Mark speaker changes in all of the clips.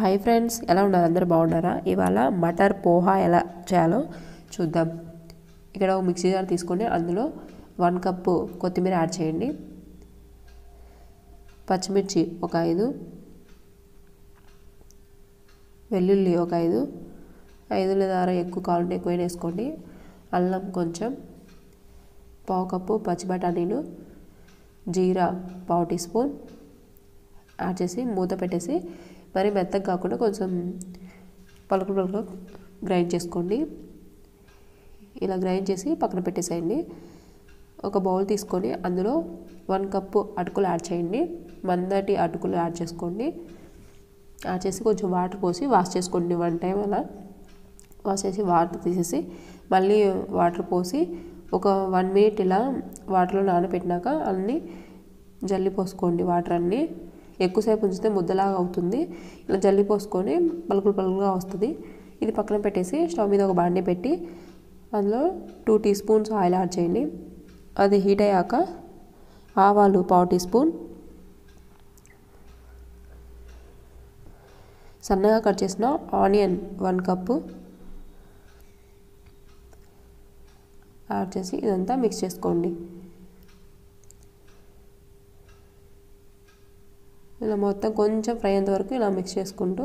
Speaker 1: hi friends ఎలా ఉన్నారు అందరూ బాగున్నారా ఇవాళ మటర్ పోహా ఎలా చేయాలో చూద్దాం ఇక్కడ ఒక మిక్సీ జార్ తీసుకొని అందులో వన్ కప్పు కొత్తిమీర యాడ్ చేయండి పచ్చిమిర్చి ఒక ఐదు వెల్లుల్లి ఒక ఐదు ఐదు లేదా ఎక్కువ కావాలంటే ఎక్కువ వేసుకోండి అల్లం కొంచెం పావు కప్పు పచ్చి బఠానీలు జీరా పావు టీ స్పూన్ యాడ్ చేసి మూత పెట్టేసి మరి మెత్తగా కాకుండా కొంచెం పలుకు పలుకు గ్రైండ్ చేసుకోండి ఇలా గ్రైండ్ చేసి పక్కన పెట్టేసేయండి ఒక బౌల్ తీసుకొని అందులో వన్ కప్పు అటుకులు యాడ్ చేయండి మందటి అటుకులు యాడ్ చేసుకోండి యాడ్ చేసి కొంచెం వాటర్ పోసి వాష్ చేసుకోండి వన్ టైం అలా వాష్ చేసి వాటర్ తీసేసి మళ్ళీ వాటర్ పోసి ఒక వన్ మినిట్ ఇలా వాటర్లో నానబెట్టినాక అన్నీ జల్లి పోసుకోండి వాటర్ అన్నీ ఎక్కువసేపు ఉంచితే ముద్దలాగా అవుతుంది ఇలా జల్లి పోసుకొని పలుకులు పలుకులుగా వస్తుంది ఇది పక్కన పెట్టేసి స్టవ్ మీద ఒక బాండి పెట్టి అందులో two teaspoons oil add చేయండి అది హీట్ అయ్యాక ఆవాలు పావు టీ స్పూన్ సన్నగా కట్ చేసిన ఆనియన్ వన్ కప్పు యాడ్ చేసి ఇదంతా మిక్స్ చేసుకోండి ఇలా మొత్తం కొంచెం ఫ్రై అయ్యేంత వరకు ఇలా మిక్స్ చేసుకుంటూ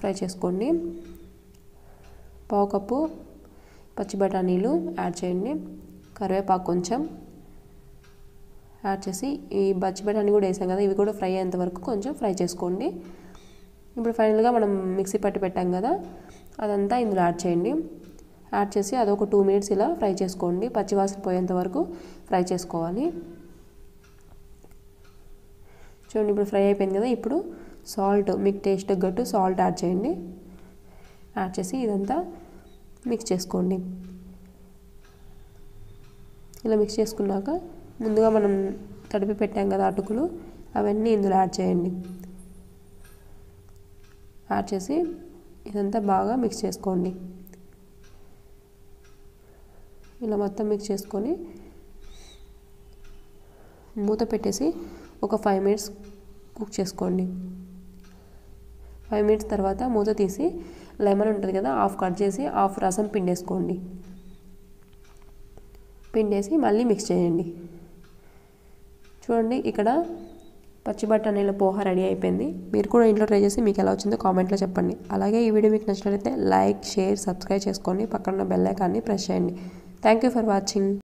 Speaker 1: ఫ్రై చేసుకోండి పావుకప్పు పచ్చి బఠానీలు యాడ్ చేయండి కరివేపాకు కొంచెం యాడ్ చేసి ఈ పచ్చి బఠానీ కూడా వేసాం కదా ఇవి కూడా ఫ్రై అయ్యేంత వరకు కొంచెం ఫ్రై చేసుకోండి ఇప్పుడు ఫైనల్గా మనం మిక్సీ పట్టి పెట్టాం కదా అదంతా ఇందులో యాడ్ చేయండి యాడ్ చేసి అదొక టూ మినిట్స్ ఇలా ఫ్రై చేసుకోండి పచ్చివాసన పోయేంత వరకు ఫ్రై చేసుకోవాలి చూడండి ఇప్పుడు ఫ్రై అయిపోయింది కదా ఇప్పుడు సాల్ట్ మీకు టేస్ట్ తగ్గట్టు సాల్ట్ యాడ్ చేయండి యాడ్ చేసి ఇదంతా మిక్స్ చేసుకోండి ఇలా మిక్స్ చేసుకున్నాక ముందుగా మనం తడిపి పెట్టాం కదా అటుకులు అవన్నీ ఇందులో యాడ్ చేయండి యాడ్ చేసి ఇదంతా బాగా మిక్స్ చేసుకోండి ఇలా మొత్తం మిక్స్ చేసుకొని మూత పెట్టేసి ఒక ఫైవ్ మినిట్స్ కుక్ చేసుకోండి ఫైవ్ మినిట్స్ తర్వాత మూత తీసి లెమన్ ఉంటుంది కదా హాఫ్ కట్ చేసి హాఫ్ రసం పిండేసుకోండి పిండేసి మళ్ళీ మిక్స్ చేయండి చూడండి ఇక్కడ నీళ్ళ పోహ రెడీ అయిపోయింది మీరు కూడా ఇంట్లో ట్రై చేసి మీకు ఎలా వచ్చిందో కామెంట్లో చెప్పండి అలాగే ఈ వీడియో మీకు నచ్చినట్లయితే లైక్ షేర్ సబ్స్క్రైబ్ చేసుకోండి పక్కన బెల్లైకాన్ని ప్రెస్ చేయండి థ్యాంక్ యూ ఫర్ వాచింగ్